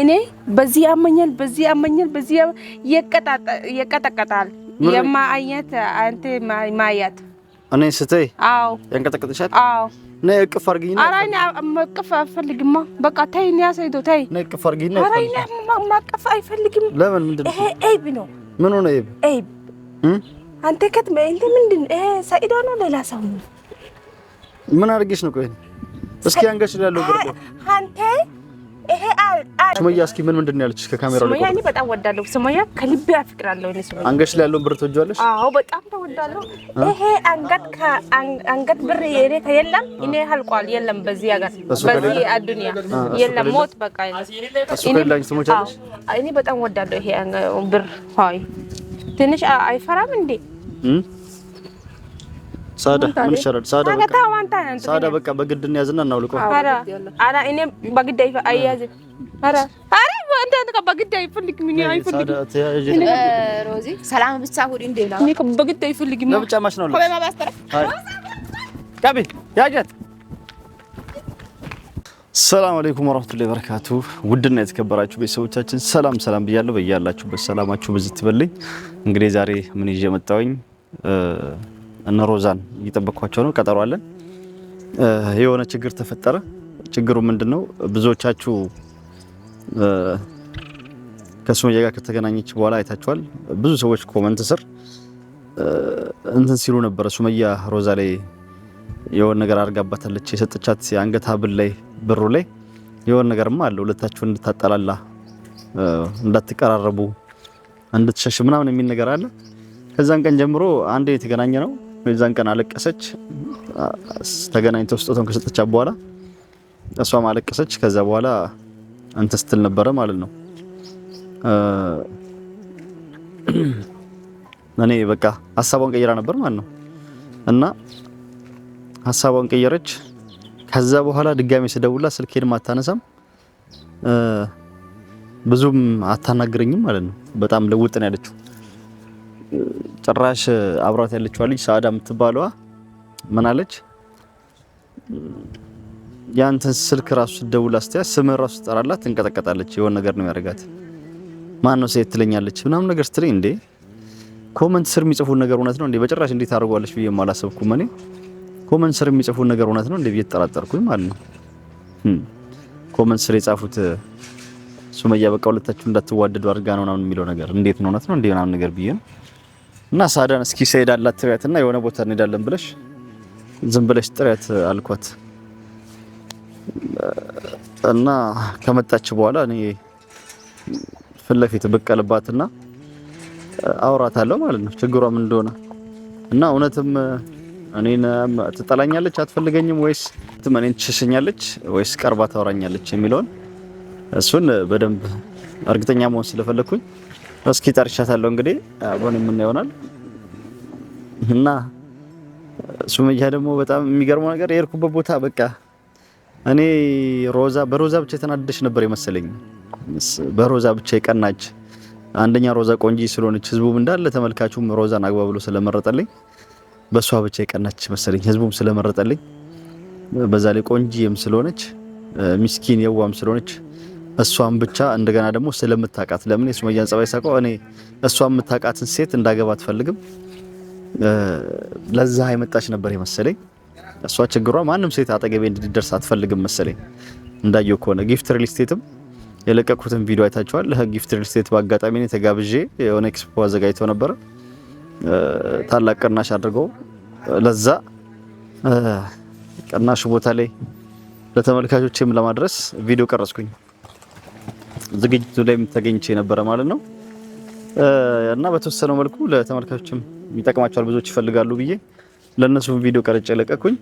እኔ በዚህ ያመኛል፣ በዚህ ያመኛል፣ በዚህ ይቀጠቀጣል። የማአኘት አንተ ማያት እኔ ስትይ አዎ፣ ያንቀጠቀጥሻል። አዎ ነይ እቅፍ አድርጊኝ። ኧረ እኔ መቅፍ አልፈልግም። በቃ ተይ፣ እኔ አስይዶ ተይ፣ ነይ እቅፍ አድርጊኝ። ኧረ እኔ ማቀፍ አልፈልግም። ለምን? ምንድን ነው ይሄ? ኤብ ነው። ምን ሆነ? ኤብ ኤብ አንተ ከት እንደ ምንድን ነው ይሄ? ሰኢዶ ነው ሌላ ሰው ነው? ምን አድርጌሽ ነው? ቆይ እስኪ አንገሽ ላይ ብርቆ አንተ ይሄ ሱመያ እስኪ ምን ምንድን ነው ያለችሽ? ከካሜራ ላይ ሱመያ እኔ በጣም ወዳለሁ። ሱመያ ከልቤ አፍቅራለሁ። እኔ ሱመያ አንገሽ ላይ ያለውን ብር ትወጂዋለሽ? አዎ በጣም ተወዳለሁ። ይሄ አንገት ከአንገት ብር የኔ ከየለም እኔ አልቋል። የለም በዚህ ሀገር በዚህ አዱንያ የለም ሞት በቃ እኔ በጣም ወዳለሁ። ይሄ ብር ሆይ ትንሽ አይፈራም እንዴ? ሳዳ ምን ይሻላል? ሳዳ በቃ በግድ እንያዝና እናውልቆ። ኧረ ኧረ እኔ በግድ አይያዝም። ኧረ ኧረ እንትን በግድ አይፈልግም። እኔ አይፈልግም። ሮዚ ሰላም ብቻ ሁድ እንዴላ እኔ በግድ ለብቻ ማሽ ነው ያጀት ሰላም አለይኩም ወራህመቱላሂ ወበረካቱ። ውድና የተከበራችሁ ቤተሰቦቻችን ሰላም ሰላም ብያለሁ። በያላችሁበት ሰላማችሁ ብዝት እንግዲህ ዛሬ ምን ይዤ መጣሁኝ? እነ ሮዛን እየጠበቅኳቸው ነው። ቀጠሮ አለን። የሆነ ችግር ተፈጠረ። ችግሩ ምንድን ነው? ብዙዎቻችሁ ከሱመያ ጋር ከተገናኘች በኋላ አይታችኋል። ብዙ ሰዎች ኮመንት ስር እንትን ሲሉ ነበረ። ሱመያ ሮዛ ላይ የሆነ ነገር አድርጋባታለች። የሰጠቻት የአንገት ሀብል ላይ ብሩ ላይ የሆነ ነገርማ አለ። ሁለታችሁ እንድታጠላላ፣ እንዳትቀራረቡ፣ እንድትሸሽ ምናምን የሚል ነገር አለ። ከዛን ቀን ጀምሮ አንዴ የተገናኘ ነው የዛን ቀን አለቀሰች። ተገናኝተው ስጦታውን ከሰጠቻት በኋላ እሷም አለቀሰች። ከዛ በኋላ እንትን ስትል ነበረ ማለት ነው። እኔ በቃ ሀሳቧን ቀይራ ነበር ማለት ነው። እና ሀሳቧን ቀየረች። ከዛ በኋላ ድጋሚ ስደውላ ስልኬንም አታነሳም፣ ብዙም አታናግረኝም ማለት ነው። በጣም ለውጥ ነው ያለችው። ጭራሽ አብራት ያለችዋ ልጅ ሳዳ የምትባለዋ ምን አለች? ያንተን ስልክ ራሱ ስትደውል አስተያ ስም ራሱ ስጠራላት ትንቀጠቀጣለች። የሆነ ነገር ነው ያደርጋት። ማን ነው ሴት ትለኛለች ምናምን ነገር ስትለኝ፣ እንዴ ኮመንት ስር የሚጽፉ ነገር እውነት ነው እንዴ? በጭራሽ እንዴት አድርጓለች ብዬ አላሰብኩም። እኔ ኮመንት ስር የሚጽፉ ነገር እውነት ነው እንዴ ብዬ ተጠራጠርኩኝ ማለት ነው። ኮመንት ስር የጻፉት ሱመያ በቃ ሁለታችሁ እንዳትዋደዱ አድርጋ ነው ምናምን የሚለው ነገር እንዴት ነው እውነት ነው እንዴ ምናምን ነገር ብዬ ነው እና ሳዳን እስኪ ሰይድ አላት ትሪያት እና የሆነ ቦታ እንሄዳለን ብለሽ ዝም ብለሽ ጥሪያት አልኳት እና ከመጣች በኋላ እኔ ፊት ለፊት ብቀልባትና አውራታለሁ ማለት ነው ችግሯም እንደሆነ እና እውነትም እኔን ትጠላኛለች፣ አትፈልገኝም ወይስ እኔን ትሸሸኛለች ወይስ ቀርባ ታወራኛለች የሚለውን እሱን በደንብ እርግጠኛ መሆን ስለፈለግኩኝ እስኪ ጠርሻታለሁ። እንግዲህ አሁን ምን ይሆናል እና ሱመያ ደግሞ በጣም የሚገርመው ነገር የሄድኩበት ቦታ በቃ እኔ ሮዛ በሮዛ ብቻ የተናደደች ነበር የመሰለኝ። በሮዛ ብቻ የቀናች አንደኛ ሮዛ ቆንጂ ስለሆነች ህዝቡም እንዳለ ተመልካቹም ሮዛን አግባ ብሎ ስለመረጠልኝ በሷ ብቻ የቀናች መሰለኝ፣ ህዝቡም ስለመረጠልኝ በዛ ላይ ቆንጂም ስለሆነች ምስኪን የዋም ስለሆነች እሷን ብቻ እንደገና ደግሞ ስለምታውቃት ለምን የሱመያን ጸባይ ሳውቀው እኔ እሷን የምታውቃትን ሴት እንዳገባ አትፈልግም። ለዛ የመጣች ነበር የመሰለኝ። እሷ ችግሯ ማንም ሴት አጠገቤ እንድትደርስ አትፈልግም መሰለኝ። እንዳየው ከሆነ ጊፍት ሪል ስቴትም የለቀቁትን ቪዲዮ አይታችኋል። ጊፍት ሪል ስቴት በአጋጣሚ ነው ተጋብዤ የሆነ ኤክስፖ አዘጋጅተው ነበረ ታላቅ ቅናሽ አድርገው ለዛ ቅናሹ ቦታ ላይ ለተመልካቾችም ለማድረስ ቪዲዮ ቀረጽኩኝ። ዝግጅቱ ላይ ተገኝቼ ነበረ ማለት ነው እና በተወሰነው መልኩ ለተመልካቾችም ይጠቅማቸዋል ብዙዎች ይፈልጋሉ ብዬ ለእነሱ ቪዲዮ ቀርጬ ለቀኩኝ።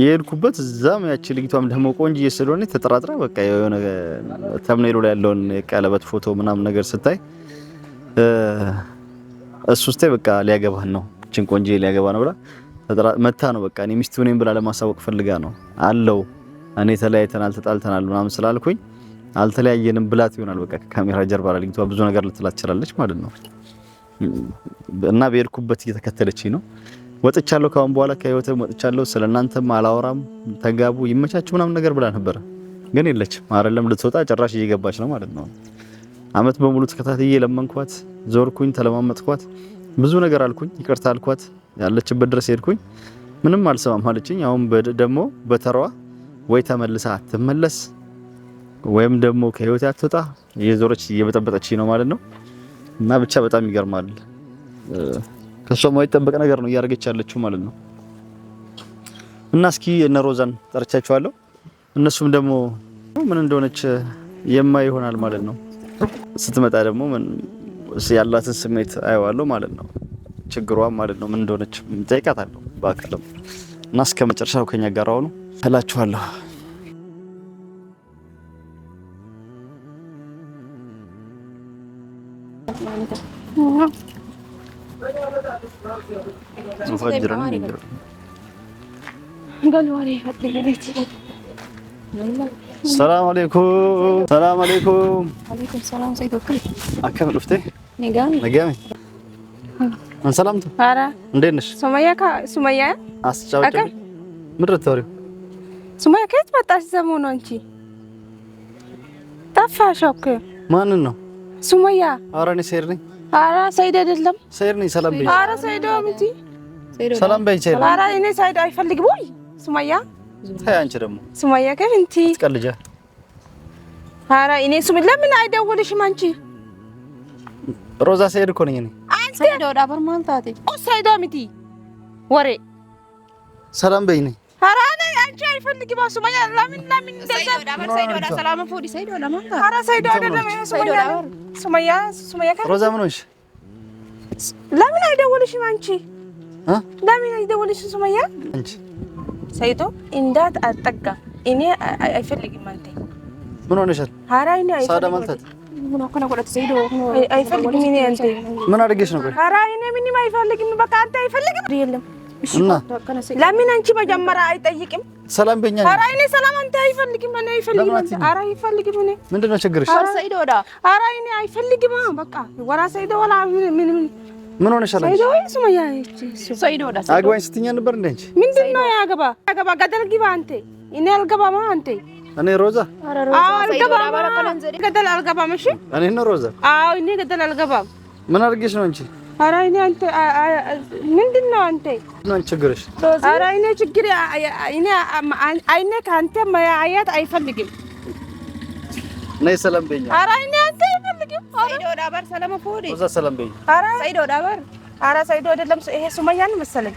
የሄድኩበት እዛም ያቺ ልጅቷም ደግሞ ቆንጆዬ ስለሆነ ተጠራጥራ በቃ የሆነ ተምኔሉ ላይ ያለውን የቀለበት ፎቶ ምናምን ነገር ስታይ እሱ ስታይ በቃ ሊያገባህ ነው ችን ቆንጆዬ ሊያገባ ነው ብላ መታ ነው በቃ እኔ ሚስቱ ነኝ ብላ ለማሳወቅ ፈልጋ ነው አለው እኔ ተለያይተናል ተጣልተናል ምናምን ስላልኩኝ አልተለያየንም ብላት ይሆናል። በቃ ከካሜራ ጀርባ ላግኝቷ ብዙ ነገር ልትላት ትችላለች ማለት ነው። እና በሄድኩበት እየተከተለች ነው። ወጥቻለሁ፣ ካሁን በኋላ ከህይወት ወጥቻለሁ፣ ስለናንተም አላወራም፣ ተጋቡ፣ ይመቻችሁ ምናምን ነገር ብላ ነበረ። ግን የለችም አይደለም፣ ልትወጣ ጭራሽ እየገባች ነው ማለት ነው። አመት በሙሉ ተከታትዬ ለመንኳት፣ ዞርኩኝ፣ ተለማመጥኳት፣ ብዙ ነገር አልኩኝ፣ ይቅርታ አልኳት፣ ያለችበት ድረስ ሄድኩኝ። ምንም አልሰማም አለችኝ። አሁን ደግሞ በተሯ ወይ ተመልሳ አትመለስ ወይም ደግሞ ከህይወት አትወጣ የዞረች እየበጠበጠች ነው ማለት ነው። እና ብቻ በጣም ይገርማል። ከሷ የማይጠበቅ ነገር ነው እያደረገች ያለችው ማለት ነው። እና እስኪ እነ ሮዛን ጠርቻቸዋለሁ። እነሱም ደግሞ ምን እንደሆነች የማይ ይሆናል ማለት ነው። ስትመጣ ደግሞ ያላትን ስሜት አየዋለሁ ማለት ነው። ችግሯ ማለት ነው ምን እንደሆነች ጠይቃታለሁ በአካልም እና እስከ መጨረሻው ከኛ ጋር አሁኑ እላችኋለሁ። ሰላም አለይኩም ሰላም አለይኩም ሰላም ሰይቶክል አከም ልፍቴ ነጋሚ እንዴት ነሽ ሱመያ ካ ሱመያ አስጫውጪ ምድር ተወሪው ሱመያ ከየት መጣሽ ሰሞኑን አንቺ ጠፋሽ እኮ ማንን ነው ሱመያ ኧረ እኔ ሰይድ ነኝ። ኧረ ሰይድ አይደለም ሰይድ ነኝ። ሰላም በይ። ኧረ ሰይድ እንጂ ሰላም በይ። ሰይድ ኧረ እኔ ሰይድ አይፈልግም ወይ ሱመያ። ተይ አንቺ ደግሞ ሱመያ ከብንቲ ትቀልጃ። ኧረ እኔ ሱም ለምን አይደውልሽም አንቺ? ሮዛ ሰይድ እኮ ነኝ እኔ። አንቺ ሰይድ ወዳ በርማንታቴ ኦ ሰይድ አምቲ ወሬ ሰላም በይ ነኝ ኧረ እኔ አንቺ አይፈልግም። ሱመያ ለምን ለምን እንደዛ ለምን አይደወልሽም? አንቺ ለምን አይደወልሽም? ሱመያ አንቺ ሰይዶ እንዳት አጠጋ እኔ አይፈልግም። አንተ ምን ሆነሻል? ኧረ እኔ አይፈልግም። ምን አድርጌሽ ነው? ኧረ እኔ ምንም አይፈልግም። በቃ አንተ አይፈልግም የለም ለምን አንቺ መጀመሪያ አይጠይቅም? ሰላም በእኛ ነው። ኧረ እኔ ሰላም አንተ አይፈልግም፣ እኔ አይፈልግም። ኧረ አይፈልግም። እኔ ምንድን ነው ችግርሽ? ኧረ ሰይድ ወዳ ኧረ እኔ አይፈልግም። በቃ ወራ ሰይድ ወላ ምን ምን ምን ሆነሻል? ሰይድ ወይ ሱመያ እቺ ወዳ አግባኝ ስትኛ ነበር እንደ አንቺ ምንድን ነው ያገባ ያገባ ገደል ግባ አንተ። እኔ አልገባማ አንተ እኔ ሮዛ ገደል አልገባም። እሺ እኔ ነው ሮዛ። አዎ እኔ ገደል አልገባም። ምን አድርጌሽ ነው አንቺ ኧረ እኔ አንተ ምንድን ነው አንተ ችግርሽ? ኧረ እኔ ችግር ከአንተ አይፈልግም። ነይ ሰላም በይኝ። ኧረ እኔ አንተ አይፈልግም። ሰላም በይኝ። ኧረ ሰይዶ አይደለም ይሄ መሰለኝ።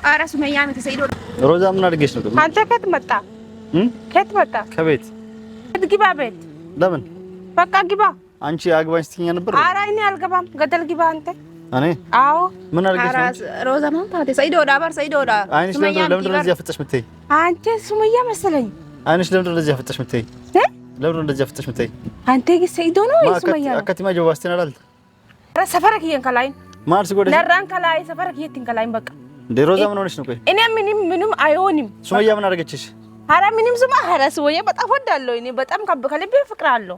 ኧረ ሮዛ ምን ነው? አንተ ከት መጣ ከት መጣ? ከቤት ግባ። ቤት ለምን? በቃ ግባ። አንቺ አግባኝ ስትይኝ ነበር። ኧረ እኔ አልገባም። ገደል ግባ አንተ እኔ አዎ፣ ምን አድርገሽ ነው ሮዛ? ማን ታዲያ ሰይዶ ወዳ ባር አይንሽ ለምንድን ነው እዚያ ፍጥሽ የምትይ? አንቺ ሱመያ መሰለኝ። አይንሽ ለምንድን ነው እዚያ ፍጥሽ የምትይ? ለምንድን ነው እዚያ ፍጥሽ የምትይ? አንተ ግን ሰይዶ ነው ወይ ሱመያ ነው? አከቲማ ጀዋስቲን አላል ረ ሰፈረክ ይሄን ከላይን ማርስ ጎደ ለራን ከላይ ሰፈረክ ይሄን ከላይን በቃ እንደ ሮዛ ምን ሆነሽ ነው? ቆይ እኔ ምንም ምንም አይሆንም። ሱመያ ምን አደረገችሽ? ኧረ ምንም ሱማ ኧረ ሱመያ በጣም ወዳለሁ እኔ በጣም ከልቤ ፍቅር አለው።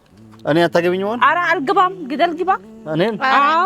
እኔ አታገቢኝ ሆን? ኧረ አልገባም ግደል ግባ እኔ አዎ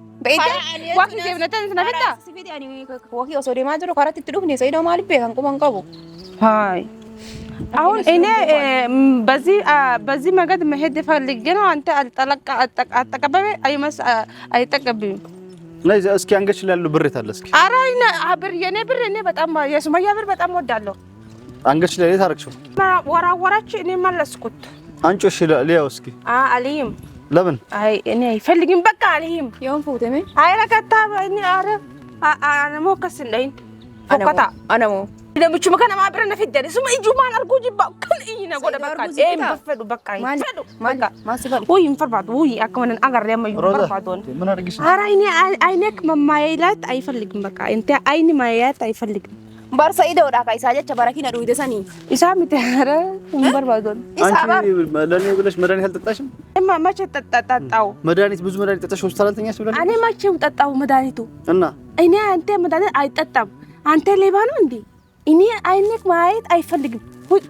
Baay'ee waaqni deemnatan sana fixaa. Sibiiti ani wakii osoo deemaa jiru karaatti itti dhufne Sa'iidoo maaliif beekan quban qabu? Haay አሁን እኔ በዚህ በዚህ መንገድ መሄድ ፈልጌ ነው። አንተ አልጠለቀ አጠቀበበ አይመስ አይጠቀብም። ነዚ እስኪ አንገች ላሉ ብር የት አለ? እስኪ ኧረ ብር የኔ ብር እኔ በጣም የሱመያ ብር በጣም ወዳለሁ። አንገች ላይ የት ወራወራች። እኔ መለስኩት። አንጮሽ ሊያው እስኪ አልይም ለምን? አይ እኔ አይፈልግም። በቃ አልሄም። የሆን ፎቶ ምን አይ ለከታ እኔ አረ አነሞ ከስለይን ፎከታ አነሞ ለምቹ መከና ማብረ ነፊት ደሪ ሱም እጁ ማን አርጉ ጅባ ኩል እይ ነጎደ በቃ ኤም በፈዱ በቃ ይፈዱ በቃ ማስፈል ወይ ምፈርባዱ ወይ አከመን አገር ለማዩ ፈርባዱን ምን አርግሽ? አረ አይኔ አይኔክ መማያላት አይፈልግም። በቃ እንተ አይኔ ማያላት አይፈልግም። Barsa idoodha akka isaa jecha barakina dhuude sanii. Isaa miti ኧረ hin barbaadon. አንቺ ለእኔ ብለሽ መድኃኒት አልጠጣሽም? መቼ ጠጣው? መድኃኒት ብዙ መድኃኒት ጠጣሽ ሆስፒታል አልተኛሽ ብለሽ? እኔ መቼም ጠጣሁ መድኃኒቱ እና እኔ አንተ መድኃኒት አይጠጣም። አንተ ሌባ ነው እንዴ? እኔ አይነክ ማየት አይፈልግም ውጫ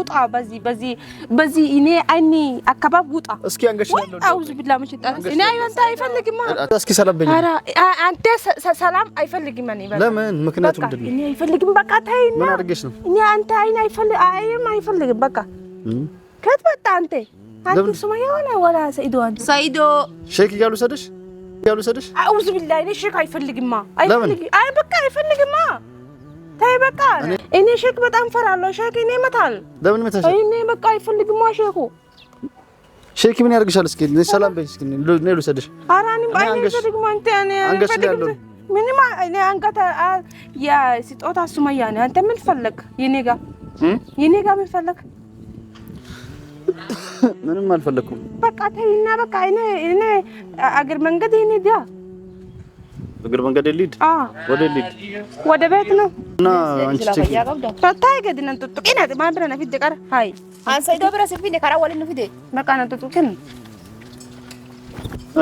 ውጣ። በዚህ በዚህ በዚህ እኔ አይኔ አካባቢ ውጣ። እስኪ አንገሽ አውዝ ብላ መሽጣ እኔ አይወንታ አይፈልግም። እስኪ ሰለበኝ። ኧረ አንተ ሰላም አይፈልግም። እኔ ለምን ምክንያቱ ምንድን ነው? እኔ አይፈልግም። በቃ ተይኝ። ምን አድርገሽ ነው? እኔ አንተ አይኔ አይፈልግ አይም አይፈልግም። በቃ ከት በጣ አንተ አንተ ሱማያ ወላ ወላ ሰይዶ አንተ ሰይዶ ሼክ እያሉ ሰደሽ እያሉ ሰደሽ አውዝ ብላ እኔ ሼክ አይፈልግማ አይፈልግም። አይ በቃ አይፈልግማ ተይ በቃ። እኔ ሼክ በጣም ፈራለሁ። ሼክ እኔ ይመታል። ለምን ይመታል? እኔ በቃ አይፈልግማ ሼኩ። ሼክ ምን ያደርግሻል? እስኪ ሰላም በይ። እስኪ እኔ ልውሰድሽ። ኧረ እኔም አይፈልግም አንተ እኔ አይፈልግም ምንም እኔ አንገት ያ ሱመያ ነው። አንተ ምን ፈለግ? የኔ ጋ የኔ ጋ ምን ፈለግ? ምንም አልፈለኩም። በቃ ተይና በቃ እኔ እኔ አገር መንገድ እኔ ጋ እግር መንገድ ሊድ ወደ ሊድ ወደ ቤት ነው እና አንቺ ቼክ ታይ ገድነን ጥጡ ቂና ማብረና ፊት ደቀር ሃይ አንሰይ ዶብረ ሲፊ ነ ካራ ወለን ፊት መቃና ጥጡ ነን።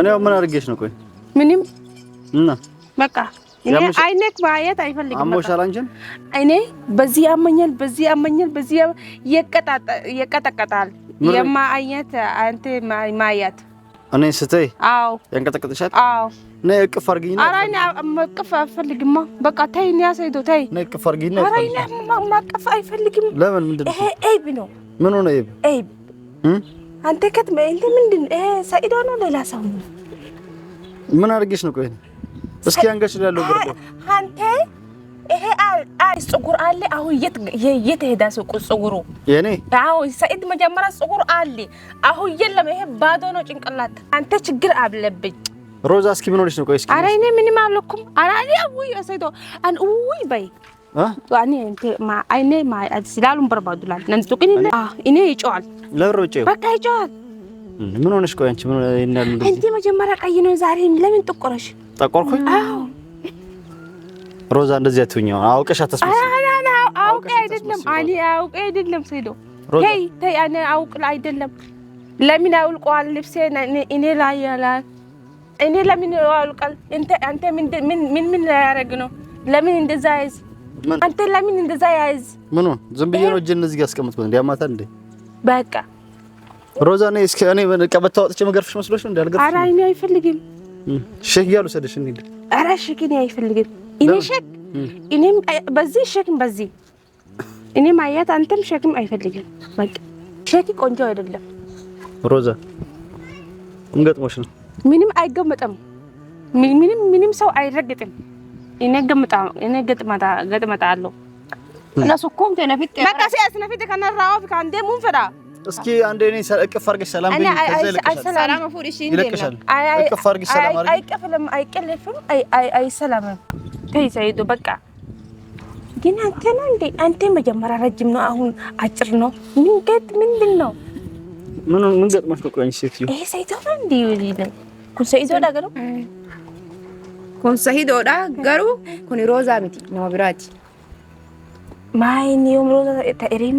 እኔ ምን አድርጌሽ ነው? ቆይ ምንም እና በቃ እኔ አይነክ ማየት አይፈልግም። አሞሻል አንቺን እኔ በዚህ ያመኛል፣ በዚህ ያመኛል፣ በዚህ የቀጣጣል የቀጠቀጣል አይነት አንተ ማያት እኔ ስትይ? አዎ። ያንቀጠቀጥሻል? አዎ። እኔ እቅፍ አድርጊኝ። ኧረ እኔ መቅፍ አልፈልግማ። በቃ ተይ፣ እኔ አስይዶ ተይ። እኔ እቅፍ አድርጊኝ። ኧረ እኔ ማቀፍ አይፈልግም። ለምን? ምንድን ነው? ይሄ ኤብ ነው። ምን ሆነ? ኤብ ኤብ። አንተ ከት እንትን ምንድን ነው? ይሄ ሰኢዶ ነው። ሌላ ሰው ምን አድርጌሽ ነው? ቆይ እስኪ አንገሽ ላይ ያለው አንተ ይሄ አዲስ ፀጉር አለ። አሁን የት ሄዳ ሱቁ ፀጉሩ? የኔ አዎ፣ ሰኢድ መጀመሪያ ፀጉር አለ። አሁን የለም። ይሄ ባዶ ነው ጭንቅላት። አንተ ችግር አለብኝ። ሮዛ እስኪ ምን ሆነሽ ነው? ቆይ እስኪ ኧረ እኔ ምንም አልኩም። ኧረ እኔ ውይ ሰይዶ አን ውይ በይ ምን ሆነሽ? ቆይ አንቺ ምን እንዲ መጀመሪያ ቀይ ነው ዛሬ ለምን ጥቆረሽ? ጠቆርኩኝ? አዎ ሮዛ እንደዚህ አትሁኝ። አውቀሽ አታስመስል። አውቄ አይደለም አሊ፣ አውቄ አይደለም ሰይዶ። ተይ ተይ፣ እኔ አውቅ አይደለም። ለምን አውልቀዋል? ልብሴ እኔ ላይ ያላል እኔ ለምን አውልቃል? አንተ ምን ምን ምን ያደርግ ነው? ለምን እንደዛ ያዝ? አንተ ለምን እንደዛ ያዝ? ምኑ ዝም ብዬ ነው እጄ እዚህ ጋር አስቀምጥኩት። እንደ አማታ እንደ በቃ ሮዛ፣ እኔ እስከ እኔ ቀበቶ አውጥቼ መገርፍሽ መስሎሽ ነው? አልገርፍሽ። ኧረ እኔ አይፈልግም። እሺ እያሉ ሰደሽ እንሂድ። ኧረ እሺ ግን አይፈልግም እኔ ሸክ እኔም በዚህ ሸክም በዚህ እኔ ማየት አንተም ሸክም አይፈልግም። በቃ ሸክ ቆንጆ አይደለም። ሮዛ እንገጥሞሽ ነው። ምንም አይገመጠም። ምንም ምንም ሰው አይረግጥም። እኔ ገምጣ እኔ ገጥማታ ገጥማታ አለው እና ሱኩም ተነፍጥ እስኪ አንዴ እኔ እቅፍ አድርገሽ ሰላም ይለቅሻል። አይቀፍልም፣ አይቀልፍም፣ አይሰላምም ተይ ሰይዶ በቃ። ግን አንተ ነው እንዴ? አንተ መጀመሪያ ረጅም ነው፣ አሁን አጭር ነው። ምንገት ምንድን ነው? ምን ምን ገጥሞሽ ነው? ቆይ ሴትዮ ይሄ ሰይዶ ነው እንዴ? ይልን ኩን ሰይዶ ዳገሩ ኩን ሰይዶ ዳገሩ ኩን ሮዛ ምቲ ነው ብራቲ ማይ ነው ሮዛ ተሪማ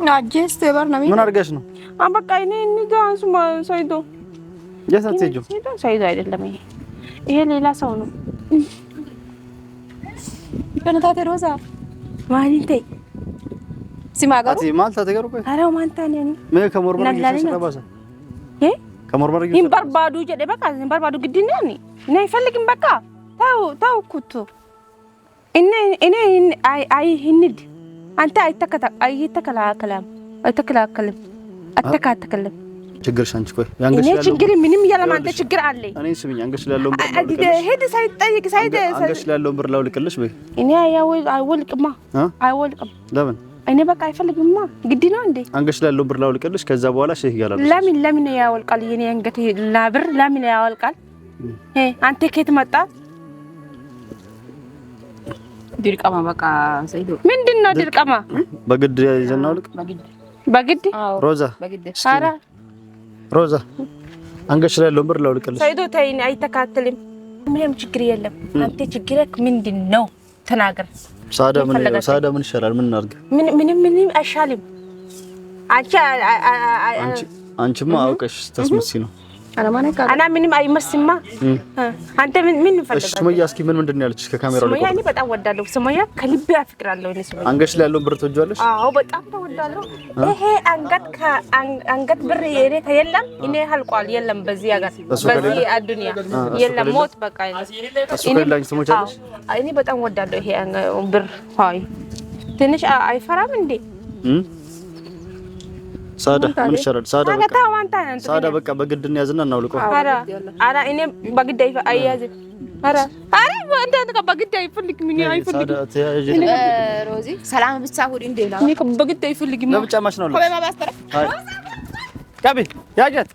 ምን አድርገሽ ነው? በቃ እኔ ንጋንሱ ሰይዶ የሰትጁ ሰይዶ አይደለም ይሄ ይሄ ሌላ ሰው ነው። በነታቴ ሮዛ ማንቴ ሲማጋሩ ማልታ ተገሩ ቆይ አራው ማንታ ነኝ ምን ከሞርመር ይሰራባሰ እ ከሞርመር ይሰራ ይምበርባዱ ጀደ በቃ ይምበርባዱ ግድ ነው ነኝ እኔ አይፈልግም በቃ ተው ተው ኩቱ እኔ እኔ አይ አይ ሂንድ አንተ አይተከላከላም አይተከላከልም አተካተከልም ችግርሽ አንቺ ቆይ ያንገሽ ችግር ምንም ያለም አንተ ችግር አለ። እኔ ስሚኝ አንገሽ ያለው ብር ሄድ ሳይጠይቅ ሳይደ አንገሽ ያለው ብር ላውልቅልሽ በይ። እኔ አይወልቅማ አይወልቅም። ለምን እኔ በቃ አይፈልግማ። ግድ ነው እንዴ አንገሽ ያለው ብር ላውልቅልሽ። ከዛ በኋላ ሼህ ይላል። ለምን ለምን ያወልቃል? የኔ አንገት ብር ለምን ያወልቃል? አንተ ከየት መጣ? ድርቀማ በቃ ዘይዶ ምንድነው? ድርቀማ በግድ ይዘናው ልቅ በግድ ሮዛ ሳራ ሮዛ አንገሽ ላይ ያለውን ብር ላውልቅልሽ። ሰይዶ ተይኝ፣ አይተካተልም። ምንም ችግር የለም። አንተ ችግርህ ምንድነው? ተናገር። ሳዳ ምን ሳዳ ምን ይሻላል? ምን እናድርግ? ምንም ምንም አይሻልም። አንቺ አንቺማ አውቀሽ ተስመስይ ነው እና ምንም አይመስማ። አንተ ምን ምን ፈልጋለህ? ሱመያ እስኪ ምን ምንድን ነው ያለችሽ? ከካሜራው ላይ ሱመያ በጣም ወዳለሁ። ሱመያ ከልቤ አፍቅራለሁ። እኔ ሱመያ ላይ ያለውን ብር ትወጂዋለሽ? አዎ በጣም ተወዳለሁ። ይሄ አንገት ከአንገት ብር የኔ ከየለም እኔ አልቋል። የለም በዚህ ሀገር በዚህ አዱንያ የለም ሞት በቃ። እኔ እኔ በጣም ወዳለሁ ይሄ ብር። ትንሽ አይፈራም እንዴ? ሳዳ ምን ይሻላል? ሳዳ በቃ ሳዳ በቃ በግድ እንያዝና እናውልቀው። ኧረ ኧረ እኔ በግድ አይያዝም። ኧረ ኧረ እንደ በግድ አይፈልግም። እኔ አይፈልግም። ሮዚ ሰላም ብቻ ሁድ እንዴ እኔ በግድ አይፈልግም። ለብቻ ማሽ ነው ለቤ ያጀት